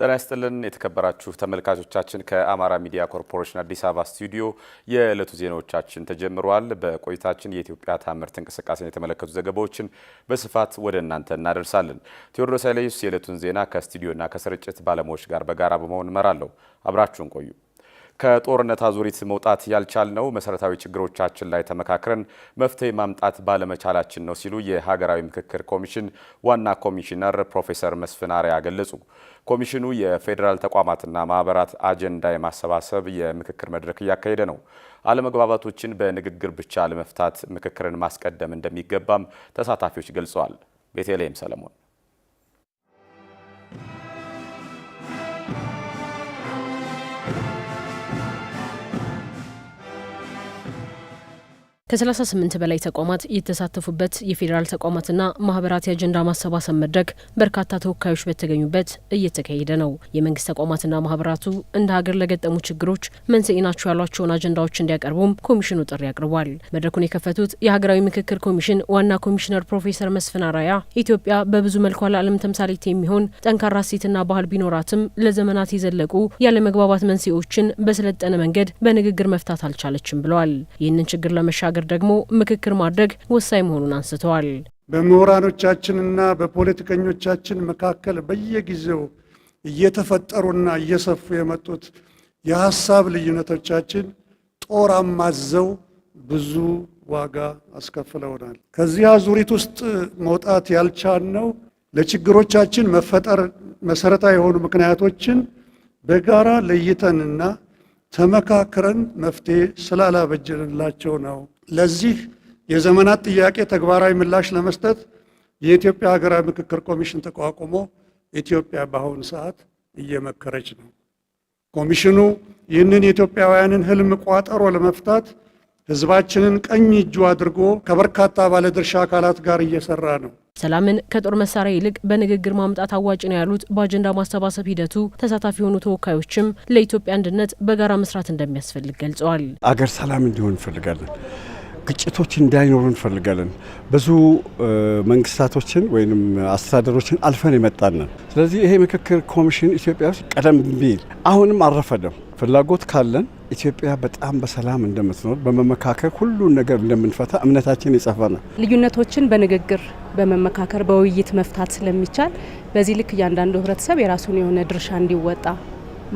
ጤና ይስጥልን የተከበራችሁ ተመልካቾቻችን፣ ከአማራ ሚዲያ ኮርፖሬሽን አዲስ አበባ ስቱዲዮ የዕለቱ ዜናዎቻችን ተጀምረዋል። በቆይታችን የኢትዮጵያ ታምርት እንቅስቃሴን የተመለከቱ ዘገባዎችን በስፋት ወደ እናንተ እናደርሳለን። ቴዎድሮስ ኃይለየሱስ የዕለቱን ዜና ከስቱዲዮና ከስርጭት ባለሙያዎች ጋር በጋራ በመሆን እመራለሁ። አብራችሁን ቆዩ። ከጦርነት አዙሪት መውጣት ያልቻልነው መሰረታዊ ችግሮቻችን ላይ ተመካክረን መፍትሄ ማምጣት ባለመቻላችን ነው ሲሉ የሀገራዊ ምክክር ኮሚሽን ዋና ኮሚሽነር ፕሮፌሰር መስፍን አርአያ ገለጹ። ኮሚሽኑ የፌዴራል ተቋማትና ማህበራት አጀንዳ የማሰባሰብ የምክክር መድረክ እያካሄደ ነው። አለመግባባቶችን በንግግር ብቻ ለመፍታት ምክክርን ማስቀደም እንደሚገባም ተሳታፊዎች ገልጸዋል። ቤተልሔም ሰለሞን ከ38 በላይ ተቋማት የተሳተፉበት የፌዴራል ተቋማትና ማህበራት የአጀንዳ ማሰባሰብ መድረክ በርካታ ተወካዮች በተገኙበት እየተካሄደ ነው። የመንግስት ተቋማትና ማህበራቱ እንደ ሀገር ለገጠሙ ችግሮች መንስኤ ናቸው ያሏቸውን አጀንዳዎች እንዲያቀርቡም ኮሚሽኑ ጥሪ አቅርቧል። መድረኩን የከፈቱት የሀገራዊ ምክክር ኮሚሽን ዋና ኮሚሽነር ፕሮፌሰር መስፍን አራያ ኢትዮጵያ በብዙ መልኩ ለዓለም ተምሳሌት የሚሆን ጠንካራ እሴትና ባህል ቢኖራትም ለዘመናት የዘለቁ ያለመግባባት መንስኤዎችን በሰለጠነ መንገድ በንግግር መፍታት አልቻለችም ብለዋል። ይህንን ችግር ለመሻገር ለማሸጋገር ደግሞ ምክክር ማድረግ ወሳኝ መሆኑን አንስተዋል። በምሁራኖቻችንና በፖለቲከኞቻችን መካከል በየጊዜው እየተፈጠሩና እየሰፉ የመጡት የሀሳብ ልዩነቶቻችን ጦር አማዘው ብዙ ዋጋ አስከፍለውናል። ከዚህ አዙሪት ውስጥ መውጣት ያልቻልነው ለችግሮቻችን መፈጠር መሰረታዊ የሆኑ ምክንያቶችን በጋራ ለይተንና ተመካክረን መፍትሄ ስላላበጀንላቸው ነው። ለዚህ የዘመናት ጥያቄ ተግባራዊ ምላሽ ለመስጠት የኢትዮጵያ ሀገራዊ ምክክር ኮሚሽን ተቋቁሞ ኢትዮጵያ በአሁኑ ሰዓት እየመከረች ነው። ኮሚሽኑ ይህንን የኢትዮጵያውያንን ህልም ቋጠሮ ለመፍታት ህዝባችንን ቀኝ እጁ አድርጎ ከበርካታ ባለድርሻ አካላት ጋር እየሰራ ነው። ሰላምን ከጦር መሳሪያ ይልቅ በንግግር ማምጣት አዋጭ ነው ያሉት በአጀንዳ ማሰባሰብ ሂደቱ ተሳታፊ የሆኑ ተወካዮችም ለኢትዮጵያ አንድነት በጋራ መስራት እንደሚያስፈልግ ገልጸዋል። አገር ሰላም እንዲሆን እንፈልጋለን። ግጭቶች እንዳይኖሩ እንፈልጋለን። ብዙ መንግስታቶችን ወይም አስተዳደሮችን አልፈን የመጣነን። ስለዚህ ይሄ ምክክር ኮሚሽን ኢትዮጵያ ውስጥ ቀደም ቢል አሁንም አልረፈደም። ፍላጎት ካለን ኢትዮጵያ በጣም በሰላም እንደምትኖር በመመካከር ሁሉን ነገር እንደምንፈታ እምነታችን የጸፋ ልዩነቶችን በንግግር በመመካከር በውይይት መፍታት ስለሚቻል በዚህ ልክ እያንዳንዱ ህብረተሰብ የራሱን የሆነ ድርሻ እንዲወጣ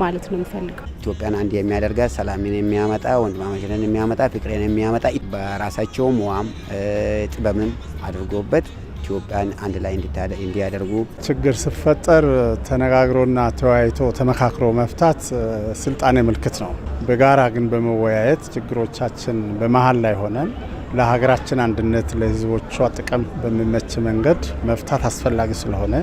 ማለት ነው የምፈልገው። ኢትዮጵያን አንድ የሚያደርጋ ሰላምን የሚያመጣ ወንድማማችነትን የሚያመጣ ፍቅርን የሚያመጣ በራሳቸውም ዋም ጥበብንም አድርጎበት ኢትዮጵያን አንድ ላይ እንዲያደርጉ ችግር ስፈጠር ተነጋግሮና ተወያይቶ ተመካክሮ መፍታት ስልጣኔ ምልክት ነው። በጋራ ግን በመወያየት ችግሮቻችን በመሀል ላይ ሆነን ለሀገራችን አንድነት ለሕዝቦቿ ጥቅም በሚመች መንገድ መፍታት አስፈላጊ ስለሆነ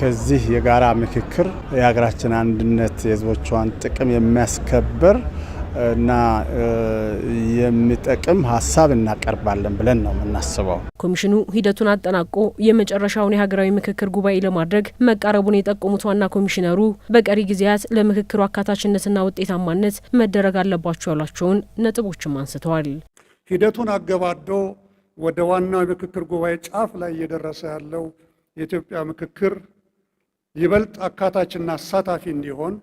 ከዚህ የጋራ ምክክር የሀገራችን አንድነት የሕዝቦቿን ጥቅም የሚያስከብር እና የሚጠቅም ሀሳብ እናቀርባለን ብለን ነው የምናስበው። ኮሚሽኑ ሂደቱን አጠናቆ የመጨረሻውን የሀገራዊ ምክክር ጉባኤ ለማድረግ መቃረቡን የጠቆሙት ዋና ኮሚሽነሩ በቀሪ ጊዜያት ለምክክሩ አካታችነትና ውጤታማነት መደረግ አለባቸው ያሏቸውን ነጥቦችም አንስተዋል። ሂደቱን አገባዶ ወደ ዋናው የምክክር ጉባኤ ጫፍ ላይ እየደረሰ ያለው የኢትዮጵያ ምክክር ይበልጥ አካታችና አሳታፊ እንዲሆን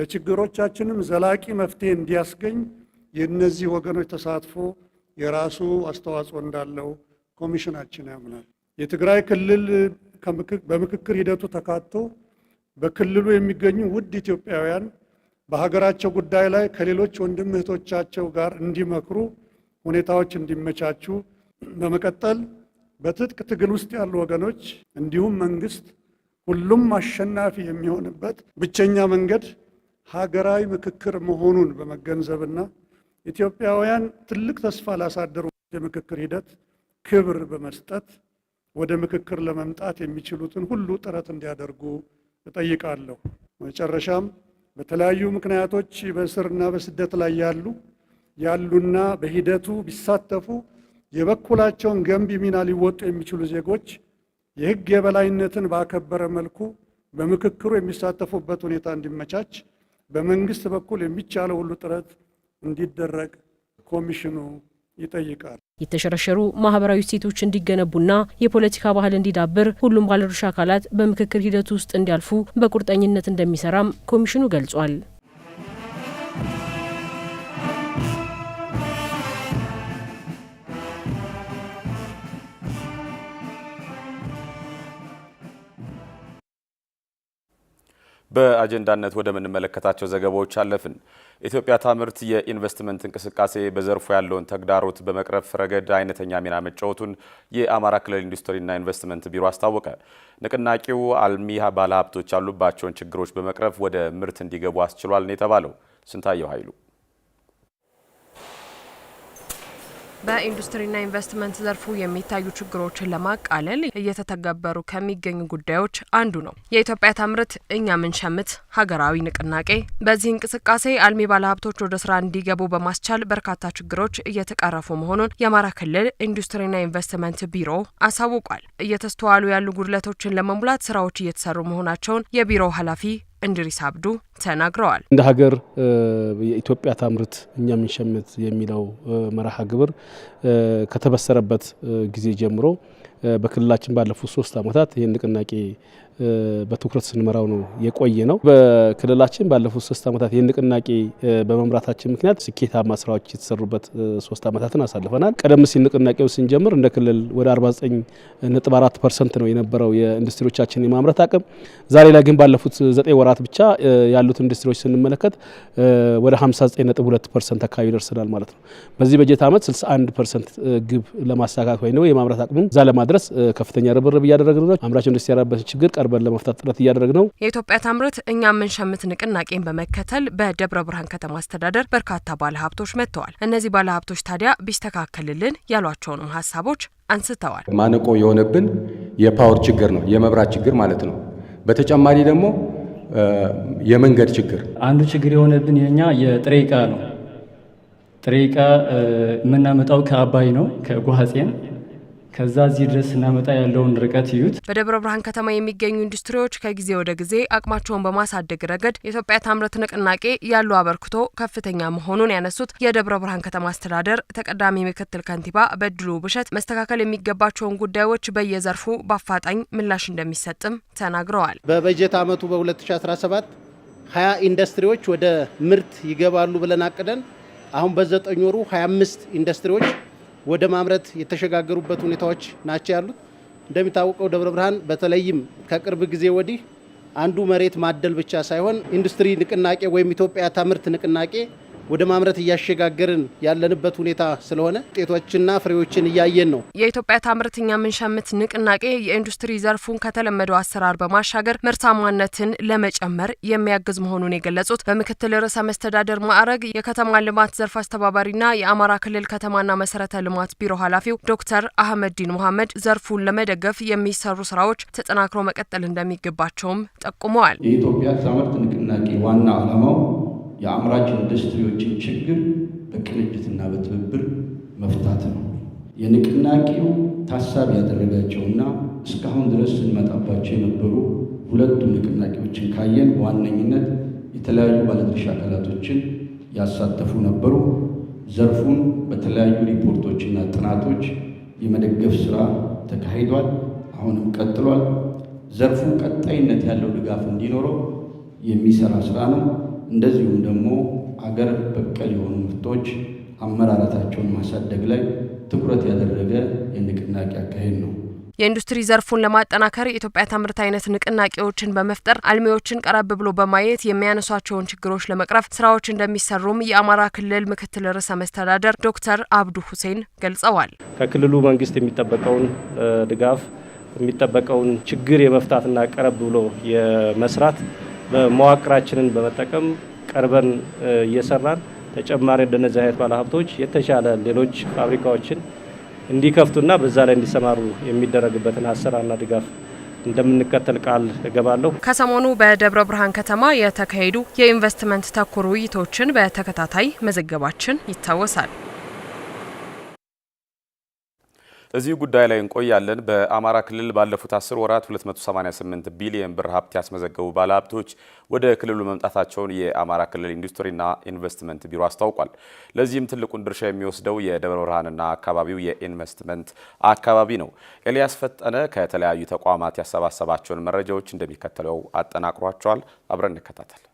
ለችግሮቻችንም ዘላቂ መፍትሄ እንዲያስገኝ የእነዚህ ወገኖች ተሳትፎ የራሱ አስተዋጽኦ እንዳለው ኮሚሽናችን ያምናል። የትግራይ ክልል በምክክር ሂደቱ ተካቶ በክልሉ የሚገኙ ውድ ኢትዮጵያውያን በሀገራቸው ጉዳይ ላይ ከሌሎች ወንድም እህቶቻቸው ጋር እንዲመክሩ ሁኔታዎች እንዲመቻቹ፣ በመቀጠል በትጥቅ ትግል ውስጥ ያሉ ወገኖች እንዲሁም መንግስት ሁሉም አሸናፊ የሚሆንበት ብቸኛ መንገድ ሀገራዊ ምክክር መሆኑን በመገንዘብና ኢትዮጵያውያን ትልቅ ተስፋ ላሳደሩ የምክክር ሂደት ክብር በመስጠት ወደ ምክክር ለመምጣት የሚችሉትን ሁሉ ጥረት እንዲያደርጉ እጠይቃለሁ። መጨረሻም በተለያዩ ምክንያቶች በእስርና በስደት ላይ ያሉ ያሉና በሂደቱ ቢሳተፉ የበኩላቸውን ገንቢ ሚና ሊወጡ የሚችሉ ዜጎች የሕግ የበላይነትን ባከበረ መልኩ በምክክሩ የሚሳተፉበት ሁኔታ እንዲመቻች በመንግስት በኩል የሚቻለው ሁሉ ጥረት እንዲደረግ ኮሚሽኑ ይጠይቃል። የተሸረሸሩ ማህበራዊ እሴቶች እንዲገነቡና የፖለቲካ ባህል እንዲዳብር ሁሉም ባለድርሻ አካላት በምክክር ሂደቱ ውስጥ እንዲያልፉ በቁርጠኝነት እንደሚሰራም ኮሚሽኑ ገልጿል። በአጀንዳነት ወደምንመለከታቸው ዘገባዎች አለፍን። ኢትዮጵያ ታምርት የኢንቨስትመንት እንቅስቃሴ በዘርፉ ያለውን ተግዳሮት በመቅረፍ ረገድ አይነተኛ ሚና መጫወቱን የአማራ ክልል ኢንዱስትሪና ኢንቨስትመንት ቢሮ አስታወቀ። ንቅናቄው አልሚ ባለሀብቶች ያሉባቸውን ችግሮች በመቅረፍ ወደ ምርት እንዲገቡ አስችሏል ነው የተባለው። ስንታየው ኃይሉ በኢንዱስትሪና ኢንቨስትመንት ዘርፉ የሚታዩ ችግሮችን ለማቃለል እየተተገበሩ ከሚገኙ ጉዳዮች አንዱ ነው የኢትዮጵያ ታምርት እኛ ምንሸምት ሀገራዊ ንቅናቄ። በዚህ እንቅስቃሴ አልሚ ባለሀብቶች ወደ ስራ እንዲገቡ በማስቻል በርካታ ችግሮች እየተቀረፉ መሆኑን የአማራ ክልል ኢንዱስትሪና ኢንቨስትመንት ቢሮ አሳውቋል። እየተስተዋሉ ያሉ ጉድለቶችን ለመሙላት ስራዎች እየተሰሩ መሆናቸውን የቢሮው ኃላፊ እንድሪስ አብዱ ተናግረዋል። እንደ ሀገር የኢትዮጵያ ታምርት እኛ የምንሸምት የሚለው መርሃ ግብር ከተበሰረበት ጊዜ ጀምሮ በክልላችን ባለፉት ሶስት ዓመታት ይህን ንቅናቄ በትኩረት ስንመራው ነው የቆየ ነው። በክልላችን ባለፉት ሶስት ዓመታት ይህን ንቅናቄ በመምራታችን ምክንያት ስኬታማ ስራዎች የተሰሩበት ሶስት ዓመታትን አሳልፈናል። ቀደም ሲል ንቅናቄው ስንጀምር እንደ ክልል ወደ 49.4 ፐርሰንት ነው የነበረው የኢንዱስትሪዎቻችን የማምረት አቅም። ዛሬ ላይ ግን ባለፉት ዘጠኝ ወራት ብቻ ያሉት ኢንዱስትሪዎች ስንመለከት ወደ 59.2 ፐርሰንት አካባቢ ይደርስናል ማለት ነው። በዚህ በጀት ዓመት 61 ፐርሰንት ግብ ለማሳካት ወይ የማምረት አቅሙ እዛ ለማድረስ ከፍተኛ ርብርብ እያደረግን ነው። አምራች ኢንዱስትሪ ያለበት ችግር በን ለመፍታት ጥረት እያደረግ ነው። የኢትዮጵያ ታምርት እኛ የምንሸምት ንቅናቄን በመከተል በደብረ ብርሃን ከተማ አስተዳደር በርካታ ባለሀብቶች መጥተዋል። እነዚህ ባለሀብቶች ታዲያ ቢስተካከልልን ያሏቸውንም ሀሳቦች አንስተዋል። ማነቆ የሆነብን የፓወር ችግር ነው፣ የመብራት ችግር ማለት ነው። በተጨማሪ ደግሞ የመንገድ ችግር አንዱ ችግር የሆነብን የኛ የጥሬ ዕቃ ነው። ጥሬ የምናመጣው ከአባይ ነው ከጓሐጼን ከዛ እዚህ ድረስ ስናመጣ ያለውን ርቀት ይዩት። በደብረ ብርሃን ከተማ የሚገኙ ኢንዱስትሪዎች ከጊዜ ወደ ጊዜ አቅማቸውን በማሳደግ ረገድ የኢትዮጵያ ታምረት ንቅናቄ ያሉ አበርክቶ ከፍተኛ መሆኑን ያነሱት የደብረ ብርሃን ከተማ አስተዳደር ተቀዳሚ ምክትል ከንቲባ በድሉ ብሸት መስተካከል የሚገባቸውን ጉዳዮች በየዘርፉ በአፋጣኝ ምላሽ እንደሚሰጥም ተናግረዋል። በበጀት ዓመቱ በ2017 ሀያ ኢንዱስትሪዎች ወደ ምርት ይገባሉ ብለን አቅደን አሁን በዘጠኝ ወሩ 25 ኢንዱስትሪዎች ወደ ማምረት የተሸጋገሩበት ሁኔታዎች ናቸው ያሉት። እንደሚታወቀው ደብረ ብርሃን በተለይም ከቅርብ ጊዜ ወዲህ አንዱ መሬት ማደል ብቻ ሳይሆን ኢንዱስትሪ ንቅናቄ ወይም ኢትዮጵያ ታምርት ንቅናቄ ወደ ማምረት እያሸጋገርን ያለንበት ሁኔታ ስለሆነ ውጤቶችና ፍሬዎችን እያየን ነው። የኢትዮጵያ ታምርተኛ ምንሸምት ንቅናቄ የኢንዱስትሪ ዘርፉን ከተለመደው አሰራር በማሻገር ምርታማነትን ለመጨመር የሚያግዝ መሆኑን የገለጹት በምክትል ርዕሰ መስተዳደር ማዕረግ የከተማ ልማት ዘርፍ አስተባባሪና የአማራ ክልል ከተማና መሰረተ ልማት ቢሮ ኃላፊው ዶክተር አህመድዲን መሐመድ ዘርፉን ለመደገፍ የሚሰሩ ስራዎች ተጠናክሮ መቀጠል እንደሚገባቸውም ጠቁመዋል። የኢትዮጵያ ታምርት ንቅናቄ ዋና ዓላማው የአምራች ኢንዱስትሪዎችን ችግር በቅንጅትና በትብብር መፍታት ነው። የንቅናቄው ታሳቢ ያደረጋቸውና እስካሁን ድረስ ስንመጣባቸው የነበሩ ሁለቱ ንቅናቄዎችን ካየን በዋነኝነት የተለያዩ ባለድርሻ አካላቶችን ያሳተፉ ነበሩ። ዘርፉን በተለያዩ ሪፖርቶችና ጥናቶች የመደገፍ ስራ ተካሂዷል፣ አሁንም ቀጥሏል። ዘርፉ ቀጣይነት ያለው ድጋፍ እንዲኖረው የሚሰራ ስራ ነው። እንደዚሁም ደግሞ አገር በቀል የሆኑ ምርቶች አመራረታቸውን ማሳደግ ላይ ትኩረት ያደረገ የንቅናቄ አካሄድ ነው። የኢንዱስትሪ ዘርፉን ለማጠናከር የኢትዮጵያ ታምርት አይነት ንቅናቄዎችን በመፍጠር አልሚዎችን ቀረብ ብሎ በማየት የሚያነሷቸውን ችግሮች ለመቅረፍ ስራዎች እንደሚሰሩም የአማራ ክልል ምክትል ርዕሰ መስተዳደር ዶክተር አብዱ ሁሴን ገልጸዋል። ከክልሉ መንግስት የሚጠበቀውን ድጋፍ የሚጠበቀውን ችግር የመፍታትና ቀረብ ብሎ የመስራት መዋቅራችንን በመጠቀም ቀርበን እየሰራን ተጨማሪ እንደነዚህ አይነት ባለሀብቶች የተሻለ ሌሎች ፋብሪካዎችን እንዲከፍቱና በዛ ላይ እንዲሰማሩ የሚደረግበትን አሰራርና ድጋፍ እንደምንከተል ቃል እገባለሁ። ከሰሞኑ በደብረ ብርሃን ከተማ የተካሄዱ የኢንቨስትመንት ተኮር ውይይቶችን በተከታታይ መዘገባችን ይታወሳል። እዚህ ጉዳይ ላይ እንቆያለን። በአማራ ክልል ባለፉት 10 ወራት 288 ቢሊዮን ብር ሀብት ያስመዘገቡ ባለሀብቶች ወደ ክልሉ መምጣታቸውን የአማራ ክልል ኢንዱስትሪና ኢንቨስትመንት ቢሮ አስታውቋል። ለዚህም ትልቁን ድርሻ የሚወስደው የደብረ ብርሃንና አካባቢው የኢንቨስትመንት አካባቢ ነው። ኤልያስ ፈጠነ ከተለያዩ ተቋማት ያሰባሰባቸውን መረጃዎች እንደሚከተለው አጠናቅሯቸዋል። አብረን እንከታተል።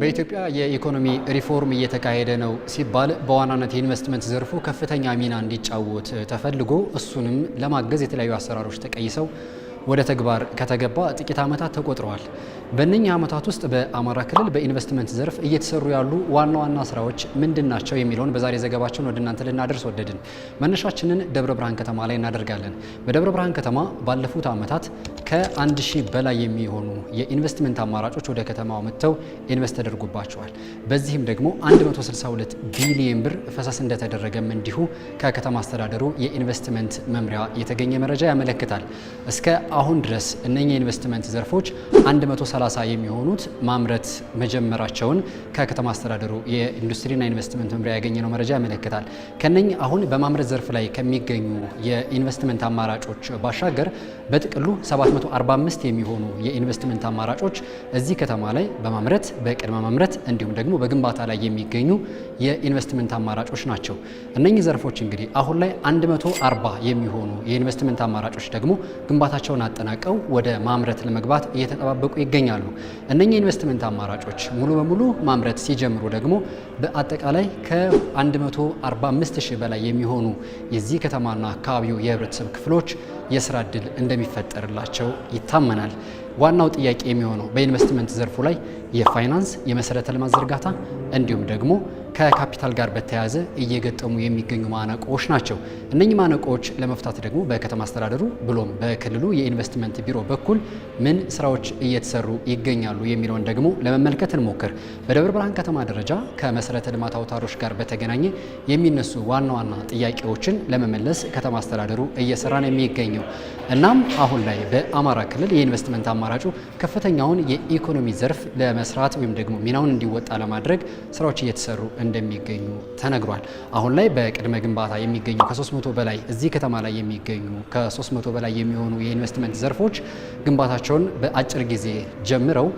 በኢትዮጵያ የኢኮኖሚ ሪፎርም እየተካሄደ ነው ሲባል በዋናነት የኢንቨስትመንት ዘርፉ ከፍተኛ ሚና እንዲጫወት ተፈልጎ እሱንም ለማገዝ የተለያዩ አሰራሮች ተቀይሰው ወደ ተግባር ከተገባ ጥቂት ዓመታት ተቆጥረዋል። በእነኚህ ዓመታት ውስጥ በአማራ ክልል በኢንቨስትመንት ዘርፍ እየተሰሩ ያሉ ዋና ዋና ስራዎች ምንድን ናቸው የሚለውን በዛሬ ዘገባችን ወደ እናንተ ልናደርስ ወደድን። መነሻችንን ደብረ ብርሃን ከተማ ላይ እናደርጋለን። በደብረ ብርሃን ከተማ ባለፉት ዓመታት ከአንድ ሺህ በላይ የሚሆኑ የኢንቨስትመንት አማራጮች ወደ ከተማው መጥተው ኢንቨስት ተደርጎባቸዋል። በዚህም ደግሞ 162 ቢሊየን ብር ፈሰስ እንደተደረገም እንዲሁ ከከተማ አስተዳደሩ የኢንቨስትመንት መምሪያ የተገኘ መረጃ ያመለክታል እስከ አሁን ድረስ እነኛ የኢንቨስትመንት ዘርፎች 130 የሚሆኑት ማምረት መጀመራቸውን ከከተማ አስተዳደሩ የኢንዱስትሪና ኢንቨስትመንት መምሪያ ያገኘነው መረጃ ያመለክታል። ከነኝ አሁን በማምረት ዘርፍ ላይ ከሚገኙ የኢንቨስትመንት አማራጮች ባሻገር በጥቅሉ 745 የሚሆኑ የኢንቨስትመንት አማራጮች እዚህ ከተማ ላይ በማምረት በቅድመ ማምረት እንዲሁም ደግሞ በግንባታ ላይ የሚገኙ የኢንቨስትመንት አማራጮች ናቸው። እነኚህ ዘርፎች እንግዲህ አሁን ላይ 140 የሚሆኑ የኢንቨስትመንት አማራጮች ደግሞ ግንባታቸውን ስራቸውን አጠናቀው ወደ ማምረት ለመግባት እየተጠባበቁ ይገኛሉ። እነኚህ ኢንቨስትመንት አማራጮች ሙሉ በሙሉ ማምረት ሲጀምሩ ደግሞ በአጠቃላይ ከ145 ሺህ በላይ የሚሆኑ የዚህ ከተማና አካባቢው የህብረተሰብ ክፍሎች የስራ እድል እንደሚፈጠርላቸው ይታመናል። ዋናው ጥያቄ የሚሆነው በኢንቨስትመንት ዘርፉ ላይ የፋይናንስ የመሰረተ ልማት ዝርጋታ እንዲሁም ደግሞ ከካፒታል ጋር በተያያዘ እየገጠሙ የሚገኙ ማነቆዎች ናቸው። እነኚህ ማነቆዎች ለመፍታት ደግሞ በከተማ አስተዳደሩ ብሎም በክልሉ የኢንቨስትመንት ቢሮ በኩል ምን ስራዎች እየተሰሩ ይገኛሉ የሚለውን ደግሞ ለመመልከት እንሞክር። በደብረ ብርሃን ከተማ ደረጃ ከመሰረተ ልማት አውታሮች ጋር በተገናኘ የሚነሱ ዋና ዋና ጥያቄዎችን ለመመለስ ከተማ አስተዳደሩ እየሰራ ነው የሚገኘው። እናም አሁን ላይ በአማራ ክልል የኢንቨስትመንት አማራጩ ከፍተኛውን የኢኮኖሚ ዘርፍ ለመስራት ወይም ደግሞ ሚናውን እንዲወጣ ለማድረግ ስራዎች እየተሰሩ እንደሚገኙ ተነግሯል። አሁን ላይ በቅድመ ግንባታ የሚገኙ ከ300 በላይ እዚህ ከተማ ላይ የሚገኙ ከ300 በላይ የሚሆኑ የኢንቨስትመንት ዘርፎች ግንባታቸውን በአጭር ጊዜ ጀምረው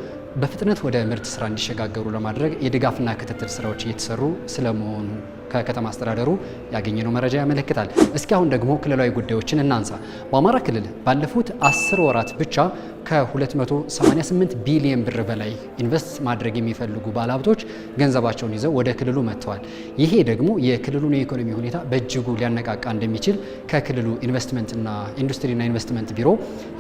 በፍጥነት ወደ ምርት ስራ እንዲሸጋገሩ ለማድረግ የድጋፍና ክትትል ስራዎች እየተሰሩ ስለመሆኑ ከከተማ አስተዳደሩ ያገኘነው መረጃ ያመለክታል። እስኪ አሁን ደግሞ ክልላዊ ጉዳዮችን እናንሳ። በአማራ ክልል ባለፉት አስር ወራት ብቻ ከ288 ቢሊዮን ብር በላይ ኢንቨስት ማድረግ የሚፈልጉ ባለሀብቶች ገንዘባቸውን ይዘው ወደ ክልሉ መጥተዋል። ይሄ ደግሞ የክልሉን የኢኮኖሚ ሁኔታ በእጅጉ ሊያነቃቃ እንደሚችል ከክልሉ ኢንቨስትመንትና ኢንዱስትሪና ኢንቨስትመንት ቢሮ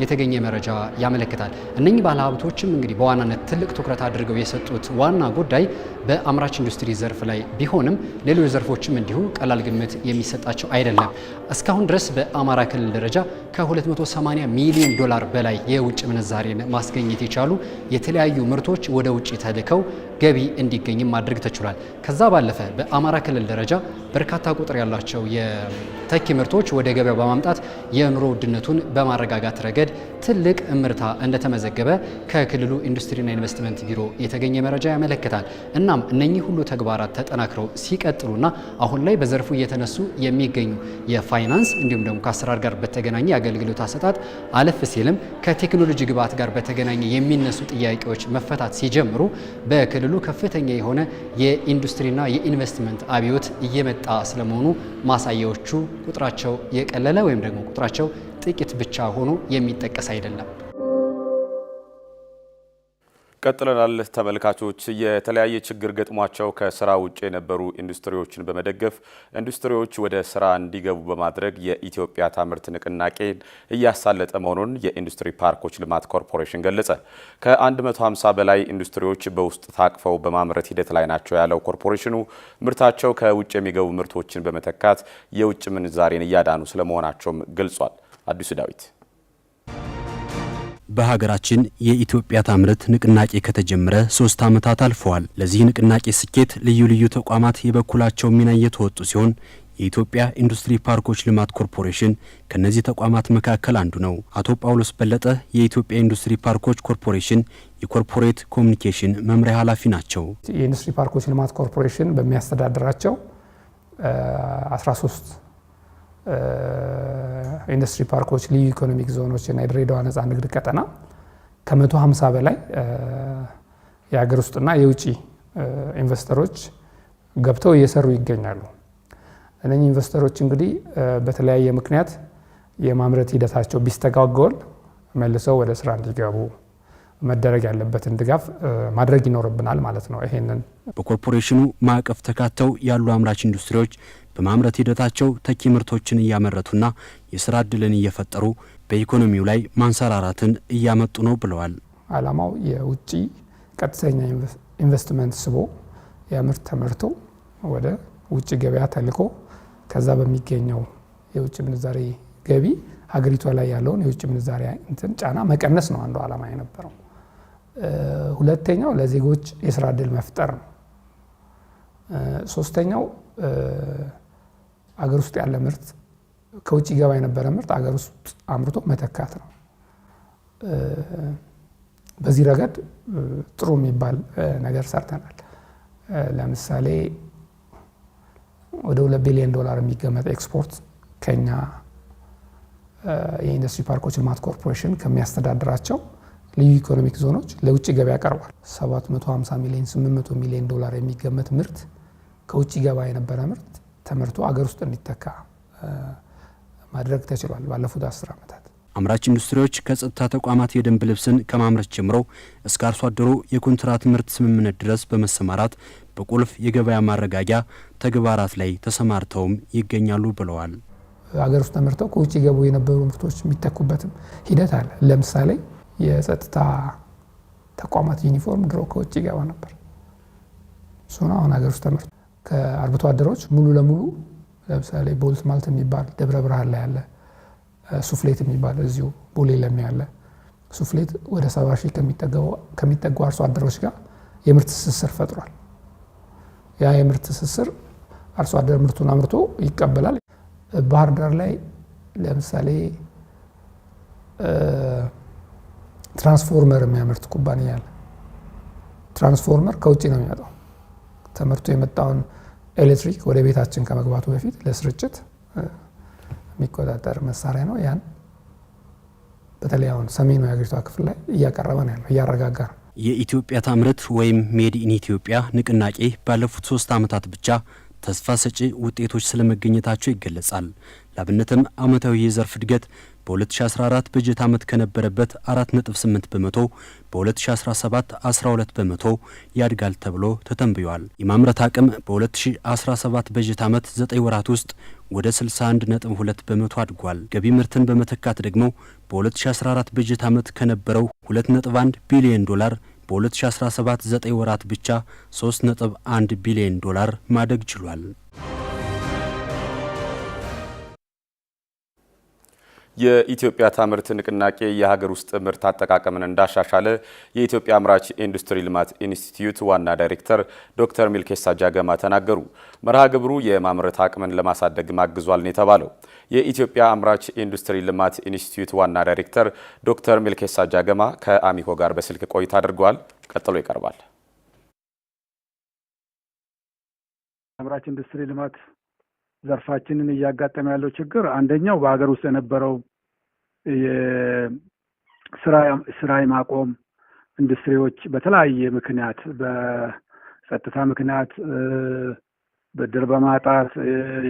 የተገኘ መረጃ ያመለክታል። እነኚህ ባለሀብቶችም እንግዲህ በዋናነት ትልቅ ትኩረት አድርገው የሰጡት ዋና ጉዳይ በአምራች ኢንዱስትሪ ዘርፍ ላይ ቢሆንም ሌሎች ዘርፎችም እንዲሁ ቀላል ግምት የሚሰጣቸው አይደለም። እስካሁን ድረስ በአማራ ክልል ደረጃ ከ280 ሚሊዮን ዶላር በላይ የውጭ ምንዛሬን ማስገኘት የቻሉ የተለያዩ ምርቶች ወደ ውጭ ተልከው ገቢ እንዲገኝም ማድረግ ተችሏል። ከዛ ባለፈ በአማራ ክልል ደረጃ በርካታ ቁጥር ያላቸው የተኪ ምርቶች ወደ ገበያ በማምጣት የኑሮ ውድነቱን በማረጋጋት ረገድ ትልቅ እምርታ እንደተመዘገበ ከክልሉ ኢንዱስትሪና ኢንቨስትመንት ቢሮ የተገኘ መረጃ ያመለክታል። እናም እነኚህ ሁሉ ተግባራት ተጠናክረው ሲቀጥሉና አሁን ላይ በዘርፉ እየተነሱ የሚገኙ የፋይናንስ እንዲሁም ደግሞ ከአሰራር ጋር በተገናኘ የአገልግሎት አሰጣጥ አለፍ ሲልም ከቴክኖሎጂ ግብዓት ጋር በተገናኘ የሚነሱ ጥያቄዎች መፈታት ሲጀምሩ በክልሉ ከፍተኛ የሆነ የኢንዱስትሪና የኢንቨስትመንት አብዮት እየመጣ ስለመሆኑ ማሳያዎቹ ቁጥራቸው የቀለለ ወይም ደግሞ ቁጥራቸው ጥቂት ብቻ ሆኖ የሚጠቀስ አይደለም። ቀጥለናል ተመልካቾች። የተለያየ ችግር ገጥሟቸው ከስራ ውጭ የነበሩ ኢንዱስትሪዎችን በመደገፍ ኢንዱስትሪዎች ወደ ስራ እንዲገቡ በማድረግ የኢትዮጵያ ታምርት ንቅናቄ እያሳለጠ መሆኑን የኢንዱስትሪ ፓርኮች ልማት ኮርፖሬሽን ገለጸ። ከ150 በላይ ኢንዱስትሪዎች በውስጥ ታቅፈው በማምረት ሂደት ላይ ናቸው ያለው ኮርፖሬሽኑ ምርታቸው ከውጭ የሚገቡ ምርቶችን በመተካት የውጭ ምንዛሬን እያዳኑ ስለመሆናቸውም ገልጿል። አዲሱ ዳዊት በሀገራችን የኢትዮጵያ ታምርት ንቅናቄ ከተጀመረ ሶስት ዓመታት አልፈዋል። ለዚህ ንቅናቄ ስኬት ልዩ ልዩ ተቋማት የበኩላቸው ሚና እየተወጡ ሲሆን የኢትዮጵያ ኢንዱስትሪ ፓርኮች ልማት ኮርፖሬሽን ከእነዚህ ተቋማት መካከል አንዱ ነው። አቶ ጳውሎስ በለጠ የኢትዮጵያ ኢንዱስትሪ ፓርኮች ኮርፖሬሽን የኮርፖሬት ኮሚኒኬሽን መምሪያ ኃላፊ ናቸው። የኢንዱስትሪ ፓርኮች ልማት ኮርፖሬሽን በሚያስተዳድራቸው 13 ኢንዱስትሪ ፓርኮች፣ ልዩ ኢኮኖሚክ ዞኖች እና የድሬዳዋ ነፃ ንግድ ቀጠና ከ150 በላይ የሀገር ውስጥና የውጭ ኢንቨስተሮች ገብተው እየሰሩ ይገኛሉ። እነኚህ ኢንቨስተሮች እንግዲህ በተለያየ ምክንያት የማምረት ሂደታቸው ቢስተጓጎል መልሰው ወደ ስራ እንዲገቡ መደረግ ያለበትን ድጋፍ ማድረግ ይኖርብናል ማለት ነው። ይሄንን በኮርፖሬሽኑ ማዕቀፍ ተካተው ያሉ አምራች ኢንዱስትሪዎች በማምረት ሂደታቸው ተኪ ምርቶችን እያመረቱና የስራ እድልን እየፈጠሩ በኢኮኖሚው ላይ ማንሰራራትን እያመጡ ነው ብለዋል። አላማው የውጭ ቀጥተኛ ኢንቨስትመንት ስቦ የምርት ተመርቶ ወደ ውጭ ገበያ ተልኮ ከዛ በሚገኘው የውጭ ምንዛሬ ገቢ ሀገሪቷ ላይ ያለውን የውጭ ምንዛሬ እንትን ጫና መቀነስ ነው አንዱ አላማ የነበረው። ሁለተኛው ለዜጎች የስራ እድል መፍጠር ነው። ሶስተኛው አገር ውስጥ ያለ ምርት ከውጭ ይገባ የነበረ ምርት አገር ውስጥ አምርቶ መተካት ነው። በዚህ ረገድ ጥሩ የሚባል ነገር ሰርተናል። ለምሳሌ ወደ ሁለት ቢሊዮን ዶላር የሚገመት ኤክስፖርት ከኛ የኢንዱስትሪ ፓርኮች ልማት ኮርፖሬሽን ከሚያስተዳድራቸው ልዩ ኢኮኖሚክ ዞኖች ለውጭ ገበያ ቀርቧል። 750 ሚሊዮን 800 ሚሊዮን ዶላር የሚገመት ምርት ከውጭ ገባ የነበረ ምርት ተምርቶ አገር ውስጥ እንዲተካ ማድረግ ተችሏል። ባለፉት አስር ዓመታት አምራች ኢንዱስትሪዎች ከጸጥታ ተቋማት የደንብ ልብስን ከማምረት ጀምሮ እስከ አርሶ አደሩ የኮንትራት ምርት ስምምነት ድረስ በመሰማራት በቁልፍ የገበያ ማረጋጊያ ተግባራት ላይ ተሰማርተውም ይገኛሉ ብለዋል። አገር ውስጥ ተመርተው ከውጭ ገቡ የነበሩ ምርቶች የሚተኩበትም ሂደት አለ። ለምሳሌ የጸጥታ ተቋማት ዩኒፎርም ድሮ ከውጭ ይገባ ነበር። እሱን አሁን አገር ውስጥ ተመርቶ ከአርብቶ አደሮች ሙሉ ለሙሉ ለምሳሌ ቦልት ማልት የሚባል ደብረ ብርሃን ላይ ያለ ሱፍሌት የሚባል እዚሁ ቦሌ ለሚ ያለ ሱፍሌት ወደ ሰባ ሺህ ከሚጠጉ አርሶ አደሮች ጋር የምርት ትስስር ፈጥሯል። ያ የምርት ትስስር አርሶ አደር ምርቱን አምርቶ ይቀበላል። ባህር ዳር ላይ ለምሳሌ ትራንስፎርመር የሚያመርት ኩባንያ አለ። ትራንስፎርመር ከውጭ ነው የሚመጣው። ተመርቶ የመጣውን ኤሌክትሪክ ወደ ቤታችን ከመግባቱ በፊት ለስርጭት የሚቆጣጠር መሳሪያ ነው። ያን በተለይ አሁን ሰሜኑ የሀገሪቷ ክፍል ላይ እያቀረበ ነው ያለው፣ እያረጋጋ ነው። የኢትዮጵያ ታምረት ወይም ሜድ ኢን ኢትዮጵያ ንቅናቄ ባለፉት ሶስት ዓመታት ብቻ ተስፋ ሰጪ ውጤቶች ስለመገኘታቸው ይገለጻል። ለአብነትም ዓመታዊ የዘርፍ እድገት በ2014 በጀት ዓመት ከነበረበት 4.8 በመቶ በ2017 12 በመቶ ያድጋል ተብሎ ተተንብዮአል። የማምረት አቅም በ2017 በጀት ዓመት 9 ወራት ውስጥ ወደ 61.2 በመቶ አድጓል። ገቢ ምርትን በመተካት ደግሞ በ2014 በጀት ዓመት ከነበረው 2.1 ቢሊዮን ዶላር በ2017 9 ወራት ብቻ 3.1 ቢሊዮን ዶላር ማደግ ችሏል። የኢትዮጵያ ታምርት ንቅናቄ የሀገር ውስጥ ምርት አጠቃቀምን እንዳሻሻለ የኢትዮጵያ አምራች ኢንዱስትሪ ልማት ኢንስቲትዩት ዋና ዳይሬክተር ዶክተር ሚልኬሳ ጃገማ ተናገሩ። መርሃ ግብሩ የማምረት አቅምን ለማሳደግ ማግዟል ነው የተባለው። የኢትዮጵያ አምራች ኢንዱስትሪ ልማት ኢንስቲትዩት ዋና ዳይሬክተር ዶክተር ሚልኬሳ ጃገማ ከአሚኮ ጋር በስልክ ቆይታ አድርገዋል። ቀጥሎ ይቀርባል። አምራች ኢንዱስትሪ ልማት ዘርፋችንን እያጋጠመ ያለው ችግር አንደኛው በሀገር ውስጥ የነበረው ስራ የማቆም ኢንዱስትሪዎች በተለያየ ምክንያት በጸጥታ ምክንያት ብድር በማጣት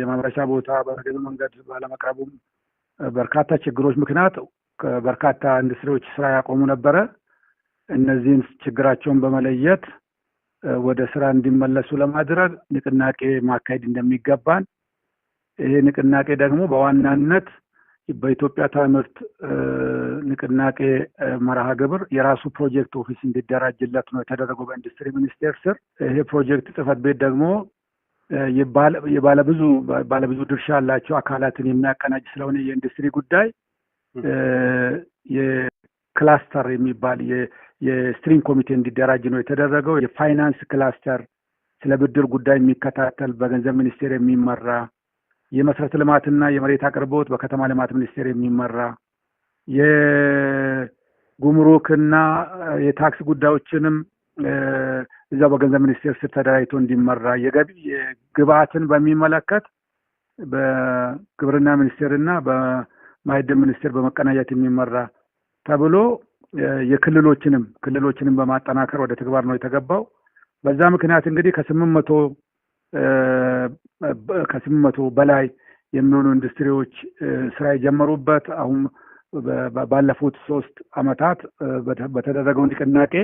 የማምረቻ ቦታ በረገብ መንገድ ባለመቅረቡም በርካታ ችግሮች ምክንያት በርካታ ኢንዱስትሪዎች ስራ ያቆሙ ነበረ። እነዚህን ችግራቸውን በመለየት ወደ ስራ እንዲመለሱ ለማድረግ ንቅናቄ ማካሄድ እንደሚገባን ይሄ ንቅናቄ ደግሞ በዋናነት በኢትዮጵያ ትምህርት ንቅናቄ መርሃ ግብር የራሱ ፕሮጀክት ኦፊስ እንዲደራጅለት ነው የተደረገው በኢንዱስትሪ ሚኒስቴር ስር። ይሄ ፕሮጀክት ጽህፈት ቤት ደግሞ የባለብዙ ባለብዙ ድርሻ ያላቸው አካላትን የሚያቀናጅ ስለሆነ የኢንዱስትሪ ጉዳይ የክላስተር የሚባል የስትሪንግ ኮሚቴ እንዲደራጅ ነው የተደረገው። የፋይናንስ ክላስተር ስለ ብድር ጉዳይ የሚከታተል በገንዘብ ሚኒስቴር የሚመራ የመሰረተ ልማትና የመሬት አቅርቦት በከተማ ልማት ሚኒስቴር የሚመራ የጉምሩክና የታክስ ጉዳዮችንም እዚያው በገንዘብ ሚኒስቴር ስር ተደራጅቶ እንዲመራ ግብአትን በሚመለከት በግብርና ሚኒስቴርና በማዕድን ሚኒስቴር በመቀናጀት የሚመራ ተብሎ የክልሎችንም ክልሎችንም በማጠናከር ወደ ተግባር ነው የተገባው። በዛ ምክንያት እንግዲህ ከስምንት መቶ ከስምንት መቶ በላይ የሚሆኑ ኢንዱስትሪዎች ስራ የጀመሩበት አሁን ባለፉት ሶስት አመታት በተደረገው ንቅናቄ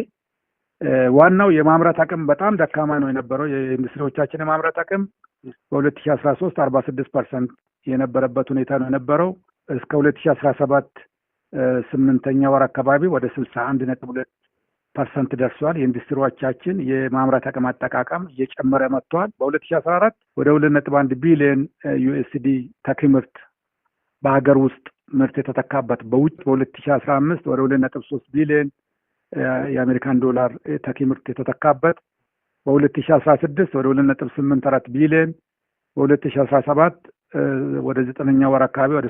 ዋናው የማምረት አቅም በጣም ደካማ ነው የነበረው። የኢንዱስትሪዎቻችን የማምረት አቅም በሁለት ሺ አስራ ሶስት አርባ ስድስት ፐርሰንት የነበረበት ሁኔታ ነው የነበረው እስከ ሁለት ሺ አስራ ሰባት ስምንተኛ ወር አካባቢ ወደ ስልሳ አንድ ነጥብ ሁለት ፐርሰንት ደርሷል። የኢንዱስትሪዎቻችን የማምረት አቅም አጠቃቀም እየጨመረ መጥቷል። በሁለት ሺ አስራ አራት ወደ ሁለት ነጥብ አንድ ቢሊዮን ዩኤስዲ ተኪ ምርት በሀገር ውስጥ ምርት የተተካበት በውጭ በሁለት ሺ አስራ አምስት ወደ ሁለት ነጥብ ሶስት ቢሊዮን የአሜሪካን ዶላር ተኪ ምርት የተተካበት በሁለት ሺ አስራ ስድስት ወደ ሁለት ነጥብ ስምንት አራት ቢሊዮን በሁለት ሺ አስራ ሰባት ወደ ዘጠነኛ ወር አካባቢ ወደ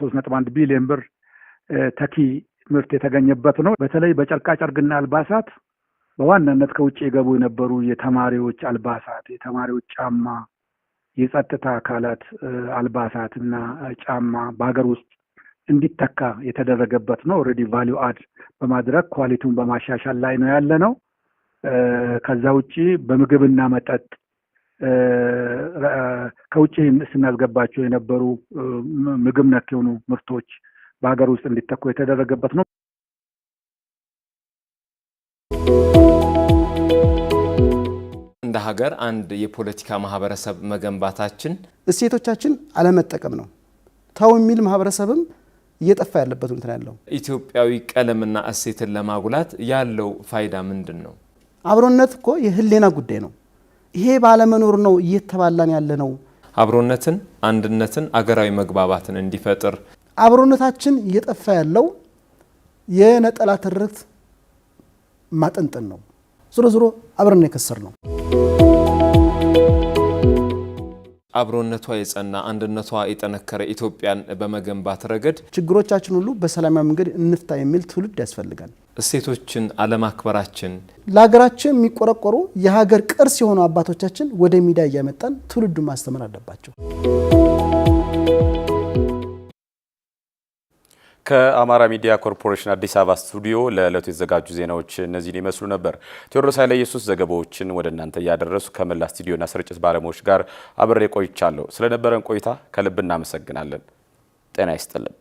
ሶስት ነጥብ አንድ ቢሊዮን ብር ተኪ ምርት የተገኘበት ነው። በተለይ በጨርቃጨርቅና አልባሳት በዋናነት ከውጭ የገቡ የነበሩ የተማሪዎች አልባሳት፣ የተማሪዎች ጫማ፣ የጸጥታ አካላት አልባሳት እና ጫማ በሀገር ውስጥ እንዲተካ የተደረገበት ነው። ኦልሬዲ ቫሊዩ አድ በማድረግ ኳሊቲውን በማሻሻል ላይ ነው ያለ ነው። ከዛ ውጭ በምግብና መጠጥ ከውጭ ስናስገባቸው የነበሩ ምግብ ነክ የሆኑ ምርቶች በሀገር ውስጥ እንዲተኩ የተደረገበት ነው። እንደ ሀገር አንድ የፖለቲካ ማህበረሰብ መገንባታችን እሴቶቻችን አለመጠቀም ነው። ተው የሚል ማህበረሰብም እየጠፋ ያለበት ሁኔታ ያለው። ኢትዮጵያዊ ቀለምና እሴትን ለማጉላት ያለው ፋይዳ ምንድን ነው? አብሮነት እኮ የህሊና ጉዳይ ነው። ይሄ ባለመኖር ነው እየተባላን ያለ ነው። አብሮነትን፣ አንድነትን፣ አገራዊ መግባባትን እንዲፈጥር አብሮነታችን እየጠፋ ያለው የነጠላ ትርክት ማጠንጠን ነው። ዞሮ ዞሮ አብረን የከሰር ነው። አብሮነቷ የጸና አንድነቷ የጠነከረ ኢትዮጵያን በመገንባት ረገድ ችግሮቻችን ሁሉ በሰላማዊ መንገድ እንፍታ የሚል ትውልድ ያስፈልጋል። እሴቶችን አለማክበራችን ለሀገራችን የሚቆረቆሩ የሀገር ቅርስ የሆኑ አባቶቻችን ወደ ሚዲያ እያመጣን ትውልዱን ማስተማር አለባቸው። ከአማራ ሚዲያ ኮርፖሬሽን አዲስ አበባ ስቱዲዮ ለዕለቱ የተዘጋጁ ዜናዎች እነዚህን ይመስሉ ነበር። ቴዎድሮስ ኃይለ ኢየሱስ ዘገባዎችን ወደ እናንተ እያደረሱ ከመላ ስቱዲዮና ስርጭት ባለሙያዎች ጋር አብሬ ቆይቻለሁ። ስለነበረን ቆይታ ከልብ እናመሰግናለን። ጤና ይስጥልን።